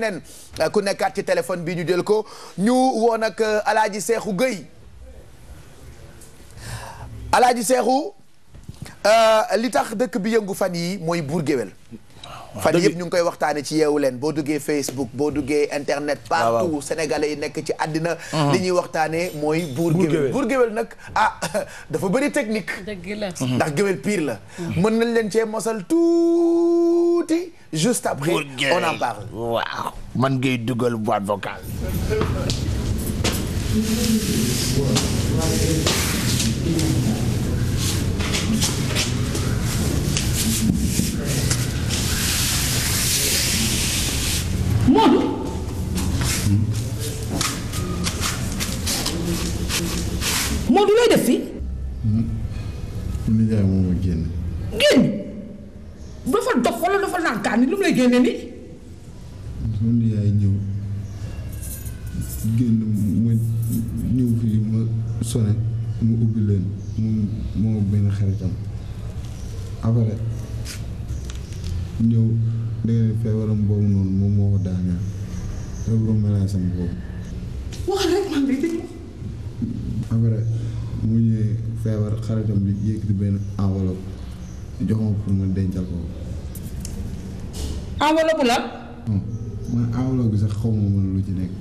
nen euh, ku nekkaat ci téléphone bi ñu jël ko ñu woon ak euh, alaaji seexu Guèye alaaji seexu euh, li tax dëkk bi yëngu fan yi mooy buur géwél fan yëpp ñu ngi koy waxtaane ci yeewu leen boo duggee Facebook boo duggee internet partout sénégalais yi nekk ci àddina mhm. li ñuy waxtaane mooy buur géwél buur nag ah dafa bari technique dëgg mhm. ndax géwél piir la mhm. mën nañ leen cee mosal tuuti juste après on en parle waaw man ngay dugal boîte vocale kenn mënoo génn. génn dafa dof wala dafa naan kaan lu mu lay génne nii. loolu yaay ñëw génn ma ñëw fii ma sone mu ubbi leen mu moo benn xaritam après ñëw dangay feebaram boobu noonu moom moo ko daaneel feebaru melaasam boobu. wax rek man de après mu ñëw feebar xaritam bi yëkkati benn enveloppe jox ma pour ma dencal ko. enveloppe la. man enveloppe bi sax xaw ma mën lu ci nekk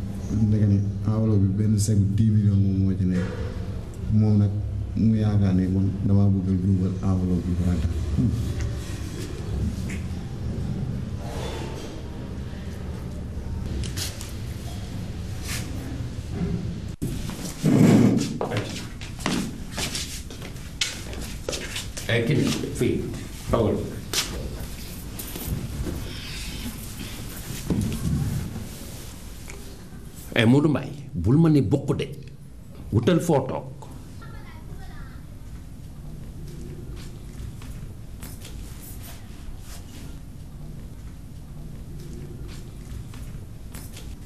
nekk ni enveloppe bi benn sec dix millions moom moo ci nekk moom nag mu yaakaar ne man damaa bëgg a dugal enveloppe bi ba bokk de wutal foo toog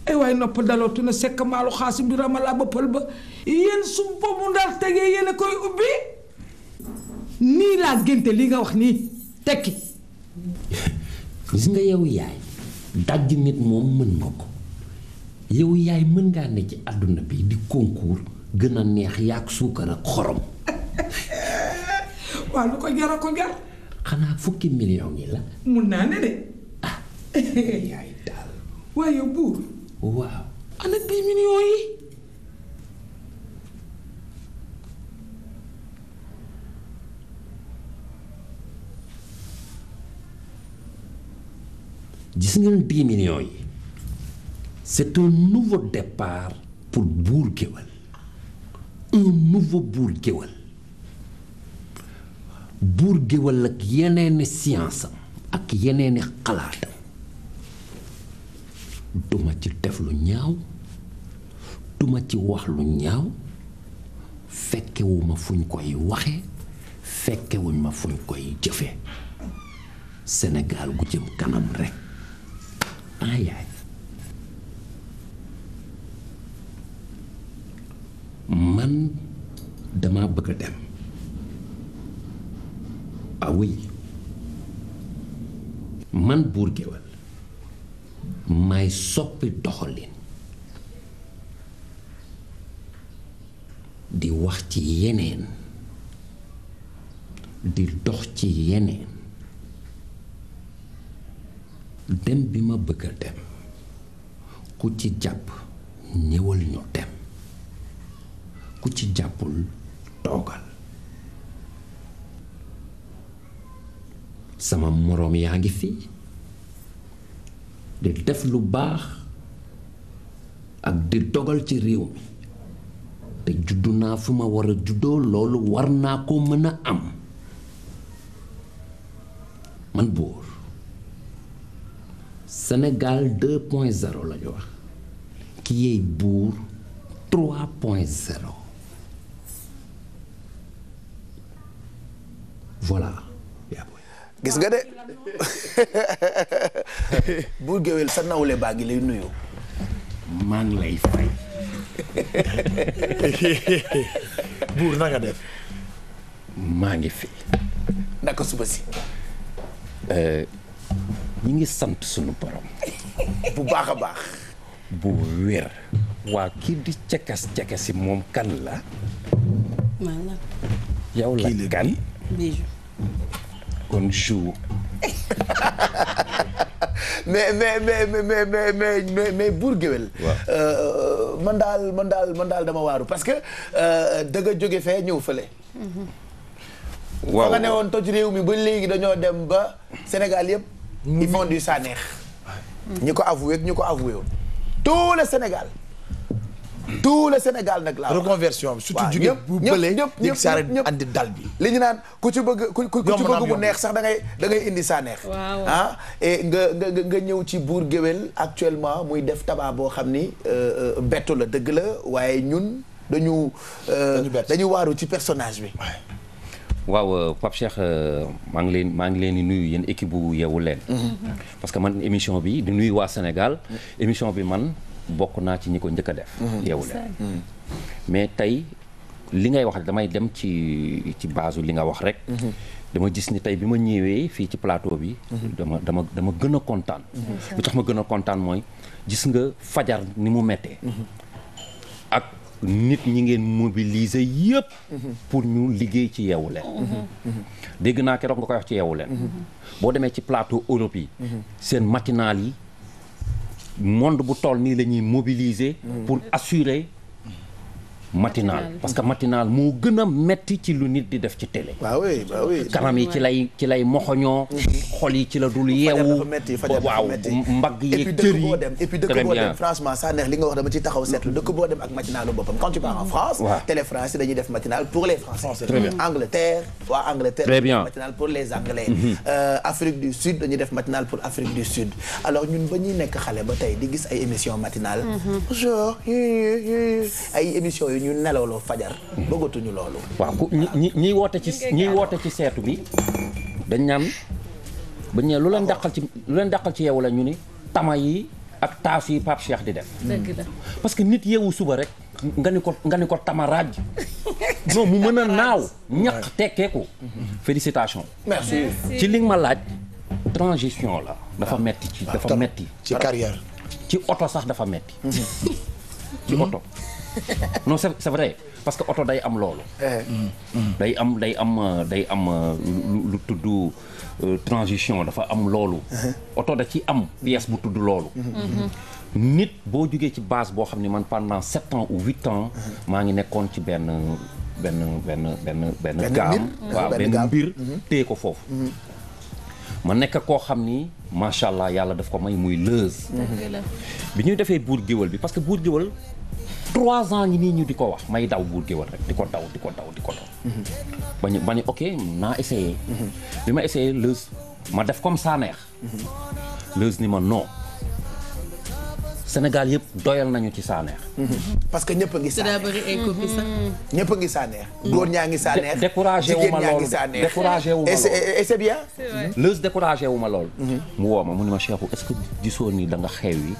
ay waaye nopp dalootu na sekk maalu xaasu bi ramalaa bëppal ba yéen su boobu ndar tegee yéen a koy ubbi nii laa génte li nga wax nii tekki gis nga yow yaay dajj nit moom mën nga ko yow yaay mën ngaa ne ci àdduna bi di concours gën a neex yaak suukar ak xorom. waaw lu ko jar a ko jar. xanaa fukki million yi la. mun naa ne ah yaay daal. waaye buur. waaw. ana dix yi. c'est un nouveau départ pour Bour Guéwel un nouveau Bour Guéwel Bour Guéwel ak yeneeni science am ak yeneeni xalaatam duma ci def lu ñaaw duma ci wax lu ñaaw fekkewuma fuñ koy waxe fekkewuñ ma fuñ koy jëfe Sénégal gu jëm kanam rekk man dama bëgg a dem ah man buur géwél may soppi doxalin di wax ci yeneen di dox ci yeneen dem bi ma bëgg a dem ku ci jàpp ñëwal ñu dem ku ci jàppul toogal sama moroom yaa ngi fi di def lu baax ak di dogal ci réew mi te juddu naa fu ma war a juddoo loolu war naa ko mën a am man buur Sénégal 2 point wax ki yey buur 3 point voilà. gis nga de bu géwél sa nawle baa ngi lay nuyoo maa ngi lay fay. buur na nga def. maa ngi fi. naka suba si. Euh, ñi ngi sant sunu borom. bu baax a baax. bu wér. waa kii di cekas cekasi moom kan la. maa la. yow la kan. on joue. mais mais mais mais mais mais mais mais buur géwél. Euh, man daal man daal mën daal dama waaru parce que euh, dëgg jóge fee ñëw fële. Mm-hmm. waaw nga ne woon toj réew mi ba léegi dañoo dem ba Sénégal yëpp. Mm-hmm. ils font du ñi ko avoué ñu ko avoué woon. tout le Sénégal. tout le Sénégal nag la reconversion surtout jigéen bu bëlee ñëpp ñëpp andi dal bi li ñu naan ku ci bëgg ku ci bu neex sax dangay da ngay indi saa neex ah et nga nga nga ñëw ci buur géwél actuellement muy def tabac boo xam ni euh, euh, bettu la dëgg la waaye ñun dañu euh, dañu waaru ci personnage bi waaw Pape Cheikh maa ngi leen maa ngi leen di nuyu yéen équipe bu yeewu leen mhm. parce que man émission bi di nuyu waa Sénégal mhm. émission bi man bokk naa ci ñi ko njëkk a def. Mhm. yeewu leen mhm. mais tey li ngay wax damay dem ci ci base li nga wax rek. Mhm. dama gis ni tey bi ma ñëwee fii ci plateau bi. dama dama dama gën a kontaan. lu tax ma gën a kontaan mooy gis nga fajar ni mu mettee ak nit ñi ngeen mobiliser yëpp. pour ñu liggéey ci yeewu leen. dégg naa keroog nga koy wax ci yeewu leen. boo demee ci plateau Europe yi. seen matinal yi. monde bu toll nii la ñuy mobiliser. pour assurer. matinal parce que matinal moo gën a metti ci lu nit di def ci télé. kanam yi ci lay moxoñoo. Mhm. xol yi ci la dul yeewu. waaw mbagg yi. et dëkk boo dem franchement ça neex li nga wax dama ci taxaw seetlu mm-hmm. dëkk boo dem ak matinalu boppam télé français dañuy def matinal pour les français. Angleterre waa Angleterre. très mm-hmm. euh, def matinal pour Afrique du Sud. alors ñun ba ñuy nekk xale ba tey di gis ay émissions matinales. Mm-hmm. ay émissions yu ñu nelawloo fajar. bëggatuñu loolu. waaw ku ñi ñi woote ci ñiy woote ci seetu bi dañ naan ba ñu lu leen dàqal ci lu ci yeewu la ñu ni tama yi ak taas yi Pape Cheikh di def. dëgg parce que nit yeewu suba rek. nga ni ko nga ni ko tamaraaj non mu mën a naaw ñaq tekkeeku félicitation merci ci li nga ma laaj transition la dafa ah. metti ci ah, dafa metti ci carrière ci oto sax dafa metti mhm. ci oto no c'est c'est vrai parce que oto day am loolu. Eh. Mm. day am day am day am lu tudd euh, transition dafa am loolu. Uh-huh. oto da ci am pièce bu tudd loolu. Mm-hmm. nit boo jógee ci base boo xam ne man pendant sept ans ou huit ans. Uh-huh. maa ngi nekkoon ci benn benn benn benn benn. gaam waaw benn mbir mm-hmm. téye ko foofu. Mm-hmm. ma nekk koo xam ni macha allah yàlla daf ko may muy lëz. bi ñuy defee buur géwël bi parce que buur géwël trois ans ñi nii ñu di ko wax may daw buur géwal rek di ko daw di ko daw di ba ñu ok naa essayé bi ma essayé leuse ma def comme ça neex ni ma non Sénégal yëpp doyal nañu ci Sanex. parce que ñëpp a ngi Sanex bëri ay mm-hmm. góor ñaa ngi Sanex. découragé wu ma loolu découragé wu ma wu ma loolu. Mm-hmm. mu woo ma mu ne ma Cheikhou est-ce que gisoo ni da nga xew yi.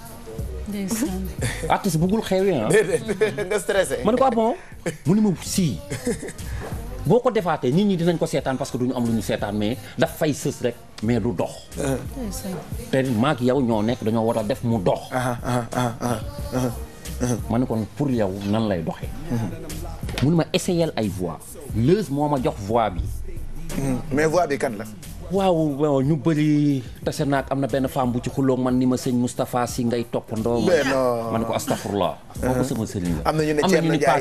artiste bëggul xeewee ah. nga stressé. man ko ah bon mu ne ma sii boo ko defaatee nit ñi dinañ ko seetaan parce que du ñu am lu ñu seetaan mais daf fay sës rek mais du dox. te maak yow ñoo nekk dañoo war a def mu dox. Ah, ah, ah, ma ne kon pour yow nan lay doxe mu ne ma essayel ay voix. Leuz moo ma jox voix bi. Hmm, mais voix bi kan la. waaw ñu bëri tase naag am na benn femme bu ci xuloo man ni ma sëñ Moustapha si ngay toppandoo. mais non man ko astafurlah. kooku uh-huh. sama sëriñ la. am na ñu ne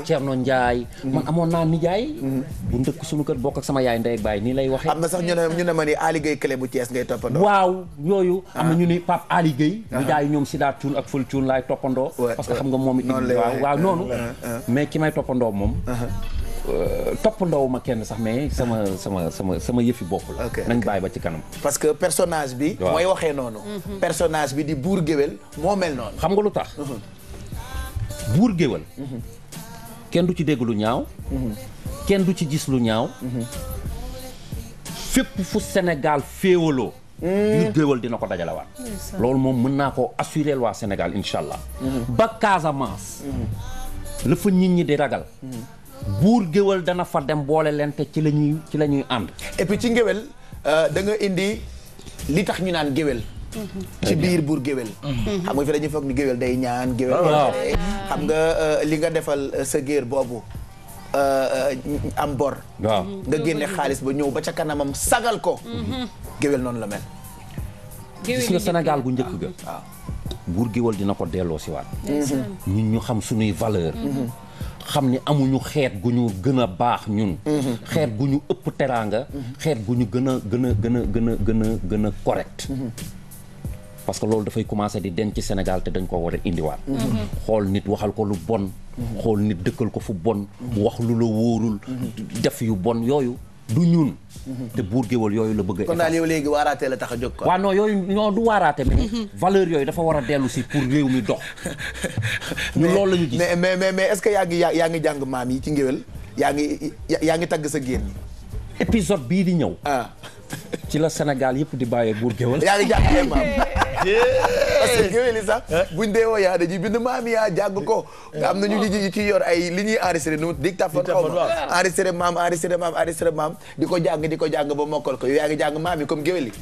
Thierno Ndiaye am na ñu ne Paa mm-hmm. amoon naa nijaay. Mm-hmm. bu ndëkk suñu kër bokk ak sama yaay ndey ak nii lay waxee. am na sax ñu ma ni Ali Gueye Clé bu Thiès ngay toppandoo. waaw yooyu. am na ah. ñu ne Pape Ali Gueye. Ah. nijaay ñoom Sida Thioune ak Fël Thioune laay toppandoo. parce que xam nga moom it. noonu lay waaw waaw noonu. Ah, mais ki may toppandoo moom. Euh, toppandoo ma kenn sax mais sama sama sama sama yëfi bopp la. nañ bàyyi ba ci kanam. parce que personnage bi. mooy waxee noonu. Mhm. personnage bi di buur géwél moo mel noonu. xam nga lu tax. Mhm. buur géwél. Mhm. kenn du ci dégg lu ñaaw. kenn du ci gis lu ñaaw. fépp fu Sénégal féewaloo. yu géwal dina ko dajalawaat. loolu moom mën naa ko assurer waa Sénégal incha allah. ba Casamance. la fa nit ñi di ragal. buur géwél dana fa dem boole leen te ci la ñuy ci la ñuy ci ngéwél euh, da nga indi li tax ñu naan géwél. ci biir buur géwél xam nga fi dañuy foog ni géwél day ñaan géwél ah, xam nga euh, li nga defal euh, sa géer boobu am bor nga génne xaalis ba ñëw ba ca kanamam sagal ko mm-hmm. géwél noonu la mel gis nga Sénégal gu njëkk ga buur géwél dina ko delloo si waat ñu xam suñuy valeur mm-hmm. xam ni amuñu xeet gu ñu gën a baax ñun mhm. xeet gu ñu ëpp teraanga mhm. xeet gu ñu gën a gën a gën a gën a gën a gën a correct mhm. parce que loolu dafay commencer di denc ci te dañ ko war a indiwaat xool nit waxal ko lu bon xool nit dëkkal ko fu bon wax lu la wóorul def yu bon yooyu du ñun. te buur géwël yooyu la bëgg a. kon daal yow léegi waaraatee la tax a jóg quoi. waaw non yooyu ñoo du waaraate mais. Mhm. valeur yooyu dafa war a dellu si pour réew mi dox. ñu loolu la ñu mais mais mais est ce que yaa ngi yaa ngi jàng maam yi ci ngéwél yaa ngi yaa ngi tagg sa génn. épisode bii di ñëw. ah. ci la Sénégal yëpp di bàyyee buur géwël. yaa ngi jàng maam. parce que géwél yi sax eh. buñ dee woo yaa dañuy bind maam yaa jàng ko am na ñu ñu ci yor ay li ñuy enregistré nu dictaphone xaw ma ah. enregistré maam enregistré maam enregistré di ko jàng di ko jàng ba mokkal ko yow yaa ngi jàng maam yi comme géwél yi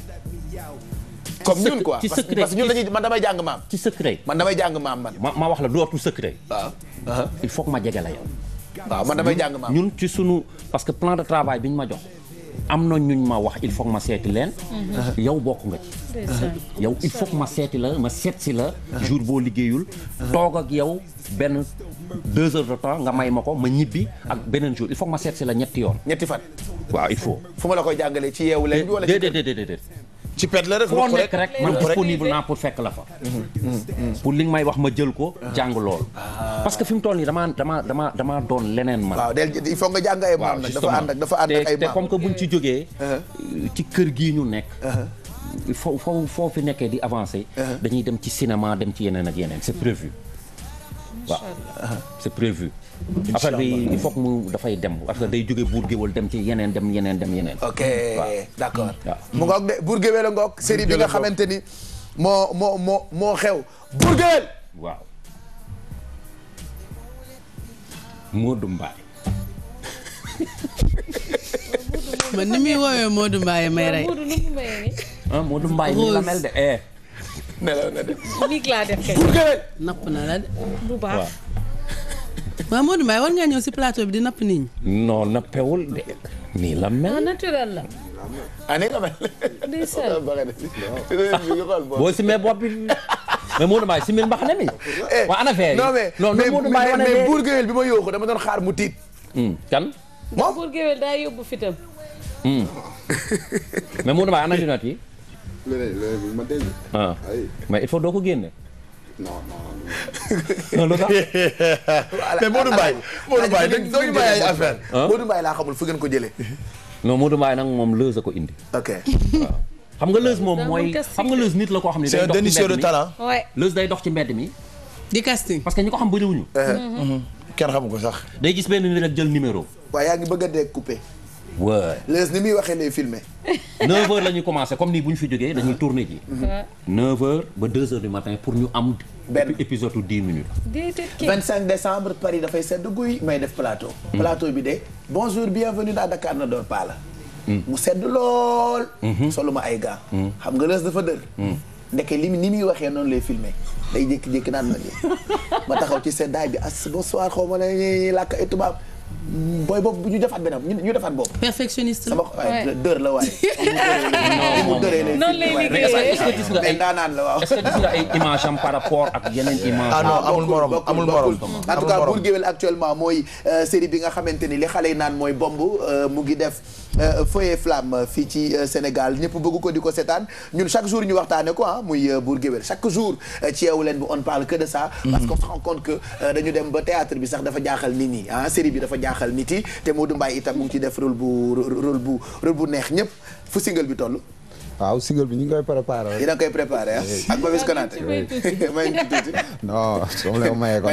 comme ñun quoi parce que ñun dañuy man damay jàng maam ci secret man damay jàng maam man ma wax la dootul secret waaw il faut que ma jege la yow waaw man damay jàng maam ñun ci sunu parce que plan de travail bi ñu ma jox am na ñuñ ma wax il faut ma seeti leen. Mm-hmm. yow bokk nga ci. yow il faut ma seeti la ma seet si la. Mm-hmm. jour boo liggéeyul. Mm-hmm. toog ak yow benn deux heures de temps nga may ma ko ma ñibbi ak beneen jour il faut ma seet la ñetti yoon. ñetti fan. waaw il faut. fu ma la koy jàngalee ci yeewu leen. wala ci déedéet déedéet ci pet la rek foo nekk rek man disponible naa pour fekk la fa. Mm-hmm. Mm-hmm. pour li may wax ma jël ko jàng lool. Ah. parce que fi mu toll nii damaa dama dama damaa doon leneen ma waaw il faut nga jàng ay maam nag dafa ànd ak dafa ànd ak ay maam te comme que buñ ci jógee. Uh-huh. ci kër gii ñu nekk. Uh-huh. foo foo foo fi nekkee di avancer. Uh-huh. dañuy dem ci cinéma dem ci yeneen ak yeneen c'est prévu. waaw c'est prévu. affaire bi il faut mu dafay dem parce que day jóge buur géwél dem ci yeneen dem yeneen dem yeneen. ok d'accord. mu ngoog de buur géwél nga xamante ni moo moo moo moo xew. buur géwél. waaw. Modou Mbaye. man ni muy woowee Modou Mbaye may rey. ah Modou nelaw na de. lii laa def napp na la de. bu baax waaw Modou Mbaye war ngaa ñëw si plateau bi di napp nit ñi. non nappewul de nii la mel. ah naturel la. ah nii la mel. boo simee bopp bi mais mi. Eh. waa ana fee. non buur géwél bi ma yóoxu dama doon xaar mu tiit. Hmm, kan. buur géwél daa yóbbu fitam. Hmm. mais Modou Mbaye ana junat yi. leneen leneen bu ma ah. mais il faut doo ko génne. non non. lu tax. mais Modou Mbaye. Modou Mbaye laa xamul fu ngeen ko jëlee. non Modou Mbaye nag moom lëz a ko indi. xam nga lëz moom mooy xam nga lëz nit la koo xam ne. day dox ci mbedd mi di casting parce que ñi ko xam bëriwuñu. Eh, mhm. kenn xamu ko sax. day gis benn nit rek jël numéro. waaye yaa ngi bëgg a découpé. waaw les ni muy waxee lay filme 9h la ñuy commencé comme nii bu ñu fi jógee dañuy tourné ji. 9h ba 2h du matin pour ñu am. benn épisode yu 10 minutes. cinq décembre Paris dafay sedd guy may def plateau. Mm. plateau bi de bonjour bienvenue dans Dakar ne dort pas la. Mm. mu sedd lool. Mm-hmm. ma ay gants. Mm. xam nga les dafa dër. ndeke li ni muy waxee noonu lay filme day jékki-jékki naan ma nii ma taxaw ci seddaay bi as bonsoir xaw ma la ñuy tubaab. booy boobu ñu defaat beneen ñu ñu defaat boobu. perfectionniste la sama dër la waaye. non non est-ce que gis nga par rapport ak yeneen ah, image ah non amul morom amul morom en actuellement mooy euh, série bi nga xamante ni li xale yi naan mooy bomb euh, mu ngi def. Euh, feu et Flamme fii ci Sénégal ñëpp bëgg ko di ko seetaan ñun chaque jour ñu waxtaane ko ah muy Bour Gueweul chaque jour ci Yeewu Leen bi on parle que de ça. Mm-hmm. parce qu'on se rend que dañu dem ba théâtre bi sax dafa jaaxal nit ñi ah, série bi dafa jaaxal. jaaxal nit yi te Modou Mbaye itam mu ci def rôle bu rôle bu neex ñëpp fu single bi toll. waaw single bi ñu ngi koy préparé. yéen a ngi koy préparé ah? ak Babis Konaté. maa ngi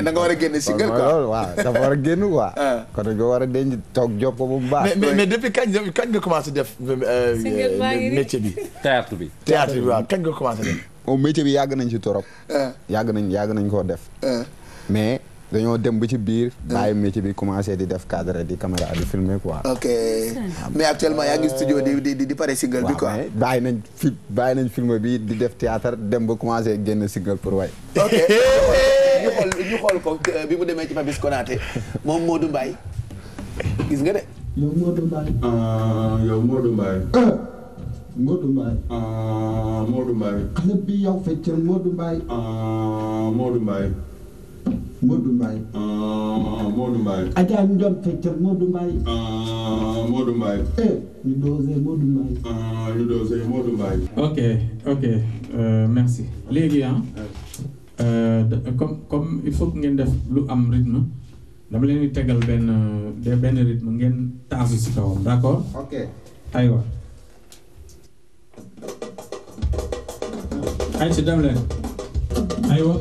da nga war a génn single quoi loolu waaw dafa war a génn quoi. Ah. kon nga war a denc toog job ko bu baax. mais mais depuis kañ kañ nga commencé def. Euh, single maa ngi euh, bi. théâtre bi théâtre bi waaw kañ nga commencé def. Oh, moom bi yàgg nañ si trop ah. yàgg nañ yàgg nañ koo def. mais. dañoo dem ba ci biir. Ah. bàyyi métier bi commencé di def cadre di caméra di filmer quoi. ok mais actuellement yaa ngi studio di di di pare single bi quoi. bàyyi nañ fi bàyyi nañ film bi di def théâtre dem ba commencé génn single pour way ok ñu xool ko euh, bi mu demee ci Papis Konaté moom Modou Mbaye gis nga de. yow Modou Mbaye. Ah, yow Modou Mbaye. Ah. Modou Modou Mbaye. Ah, ah, Modou Mbaye. Adja Ndiol Feccal Modou Mbaye. Ah, Modou Mbaye. ñu eh, doosee Modou Mbaye. ñu doosee Modou Mbaye. ok ok euh, merci léegi ah. comme comme il faut ngeen def lu am rythme dama leen di tegal benn benn rythme ngeen taasu si kawam d'accord. ok aywa. ay ci dem leen aywa.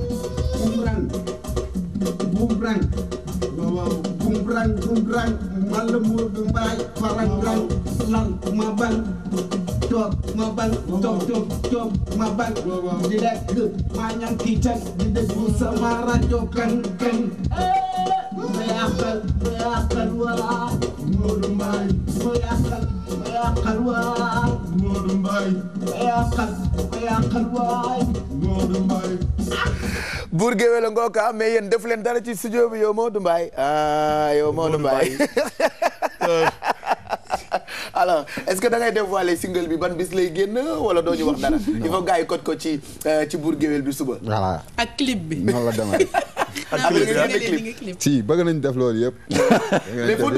bubrang bubrang bubrang malla murɓe mbawi parangrang lan ma ban toog ma ban toog toog toog ma ban di rekk ma ñanki tan di déglu sama radio kan kan ma yàqal ma yàqal wala murɓe mbawi ma yàqal yàqal waay Modou Mbaye a ah, def leen dara ci studio bi yow Modou Mbaye ah yow Modou Mbaye est-ce que dangay ngay dévoiler single bi ban bis lay génn wala doo ñu wax dara il faut gars yi kot ko ci euh, ci buur géwél bi suba voilà ak bi si bëgg nañ def loolu yëpp. mais foo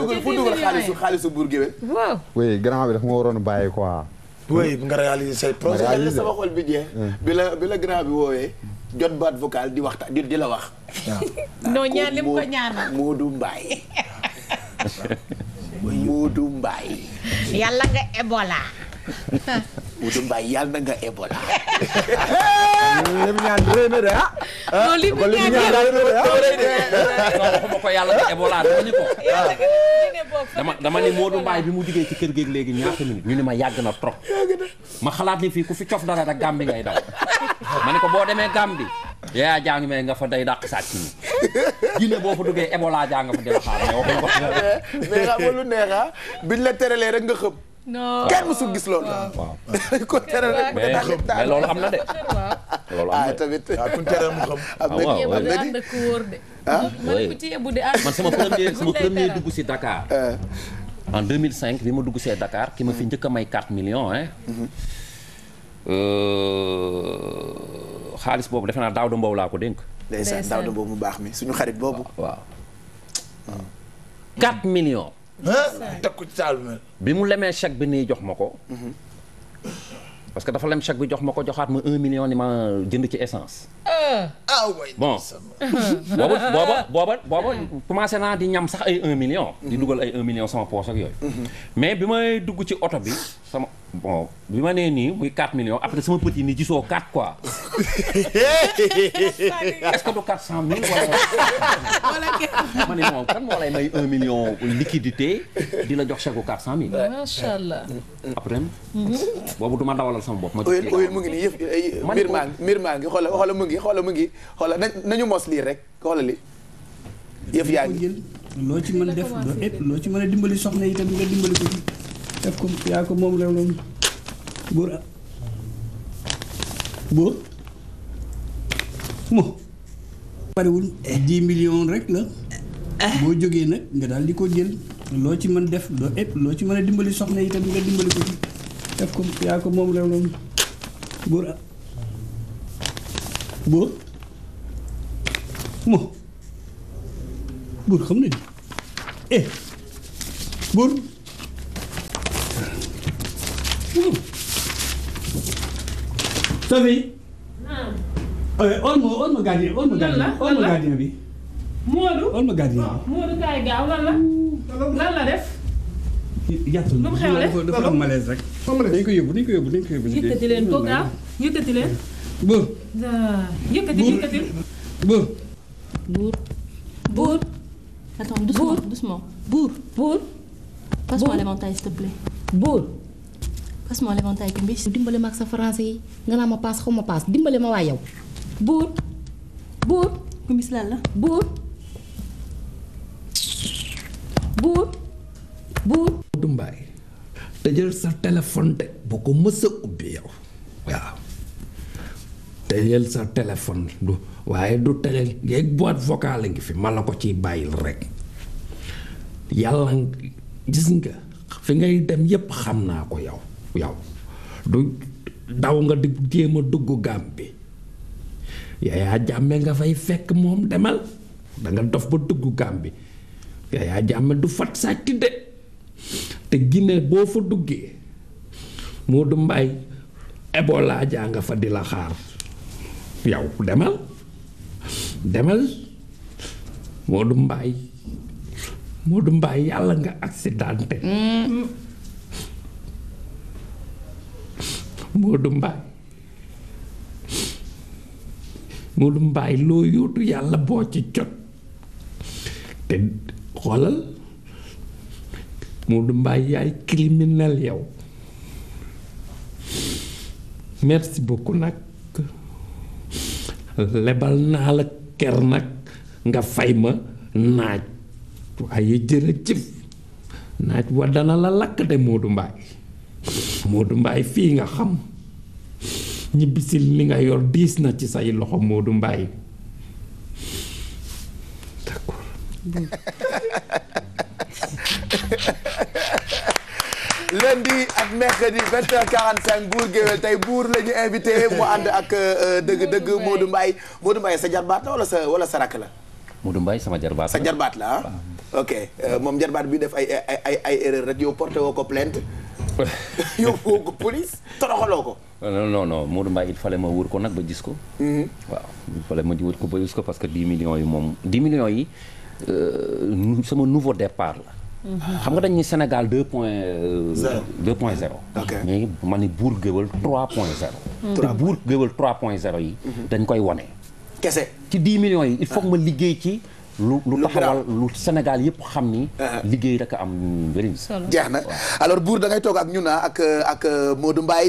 xaalisu xaalisu buur géwél. waaw. oui grand bi daf ma waroon bàyyi quoi. oui nga réaliser sa projet. sama xol bi jeex. bi la bi la grand bi woowee. jot baat vocal di waxtaan di la wax. waaw ah, non ñaan li mu ko ñaanal Modou Mbaye. Modou yàlla nga Ebola. Oudou Mbaye yàlla na nga Ebola. li mu ñaan réew li mu ñaan réew yàlla nga Ebola dama ni ko. dama dama bi mu jugee ci kër géeg léegi ñaata minutes ñu ne ma yàgg na trop. ma xalaat ni fii ku fi cof dara rek Gàmbi ngay daw. ma ne ko boo demee Gàmbi. yaa jàng mee nga fa day dàq sàcc ni Guinée boo fa duggee Ebola jaa nga fa dina xaar mais waxuñu ko. mais xam nga lu neex biñ la teralee rek nga xëm. non kenn mësul gis loolu. waaw mu ne mais loolu am na de. loolu am na ah, ah, ah? man sama premier sama premier dugg si Dakar. en 2005 bi ma dugg see dakaar ki ma fi njëkk a may 4 millions mhm. euh, xaalis boobu defe naa Daouda Mbow laa ko dénk. ndeysaan Daouda Mbow mu baax mi suñu xarit boobu. waaw waaw. 4 teg ko ci saal bi. bi mu lemee chèque bi nii jox ma ko. Mm-hmm. parce que dafa lem chèque bi jox ma ko joxaat ma un million ni ma jënd ci essence. Euh. ah way bon booba booba booba booba commencé naa di ñam sax ay un million. di mhm. dugal ay un million sama poche ak yooyu. Mhm. mais bi may dugg ci oto bi sama bon bi ma nee nii muy 4 millions après sama petit ni gisoo 4 quoi. est-ce que du 400 mille wala. ma ne moom kan di la jox chèque bu 400 mille. demal sama bopp. ma déglu oyel mu ngi nii yëf mbir maa ngi mbir maa ngi xoola xoola mu ngi xoola mu ngi xoola nañu mos lii rek xoola li yëf yaa ngi. jël loo ci mën def loo ci mën a dimbali soxna yi tamit nga dimbali ko ci def ko yaa moom réew loolu buur buur rek la boo jógee nag nga daal di ko jël loo ci mën def loo ëpp loo ci mën a soxna yi tamit nga dimbali ko ci def ko yaa ko moom réew loolu buur buur moo buur xam nañu eh buur Sophie eh, on ma on ma gardien ma gardien on ma gardien bi ma gardien bi Moodu kaay gaaw lan la def jàpp lu mu xew dafa am malaise rek xam nga dañ ko yóbbu dañ ko yóbbu dañ ko yóbbu. yëkkati leen toog ah yëkkati leen. buur. yëkkati yëkkati. buur. buur. buur. attends doucement doucement. buur buur. passe-moi l'éventail s'il te plaît. buur. passe-moi l'éventail bi mbéy dimbale ma ak sa français yi nga naa ma paas xaw ma paas dimbale ma waa yow. buur. buur. kumis lan la buur. buur. buur. tëjal sa téléphone de bu ko mës a ubbi yow waaw tëjal sa téléphone du waaye du tëjal yeeg boîte vocale ngi fi ma la ko ci bàyyil rekk yàlla gis nga fi ngay dem yépp xam naa ko yow yow du daw nga di jéem dugg gàm bi Yaya Jammeh nga fay fekk moom demal da dof ba dugg gàm bi Yaya Jammeh du fat sàcc de te gina boo fa duggee Modou Mbaye Ebola jaa nga fa di la xaar yow demal demal Modou Mbaye Modou Mbaye yàlla nga accidenté Modou Mbaye Modou loo yóotu yàlla boo ci jot te xoolal Modou Mbaye yaay criminel yow merci beaucoup nag lebal naa la ker nag nga fay ma naaj waaye jërëjëf naaj wa la lakk de Modou Mbaye Modou Mbaye fii nga xam ñibbisil li nga yor diis na ci say loxo Modou Mbaye d'accord lundi ak mercredi 20h45 buur géwél tey buur la invité mu ànd ak euh, dëgg-dëgg Modou Mbaye Modou Mbaye sa jarbaat la wala sa wala sa rakk la. Modou Mbaye sama jarbaat la sa jarbaat la ah. ok euh, moom jarbaat bi def ay ay ay erreur rek yow porté woo ko plainte yóbbu ko police toroxaloo ko. Euh, non non non il fallait ma wër ko nag ba gis ko. Mm-hmm. waaw il fallait ma wër ko ba gis ko parce que 10 millions yi moom 10 millions yi sama nouveau départ la. xam nga dañ ni Sénégal deux point. zéro euh, deux point zéro. mais ma ni buur géwël trois point zéro. Hmm. te buur géwël trois point zéro yi. Mhm. dañ koy wane. kese ci dix millions yi il faut ma liggéey ci. lu lu taxawal lu Sénégal yëpp xam ni. Uh-huh. liggéey rek a am njëriñ. jeex na alors buur da ngay toog ak ñun ah, ak ak euh, Modou Mbaye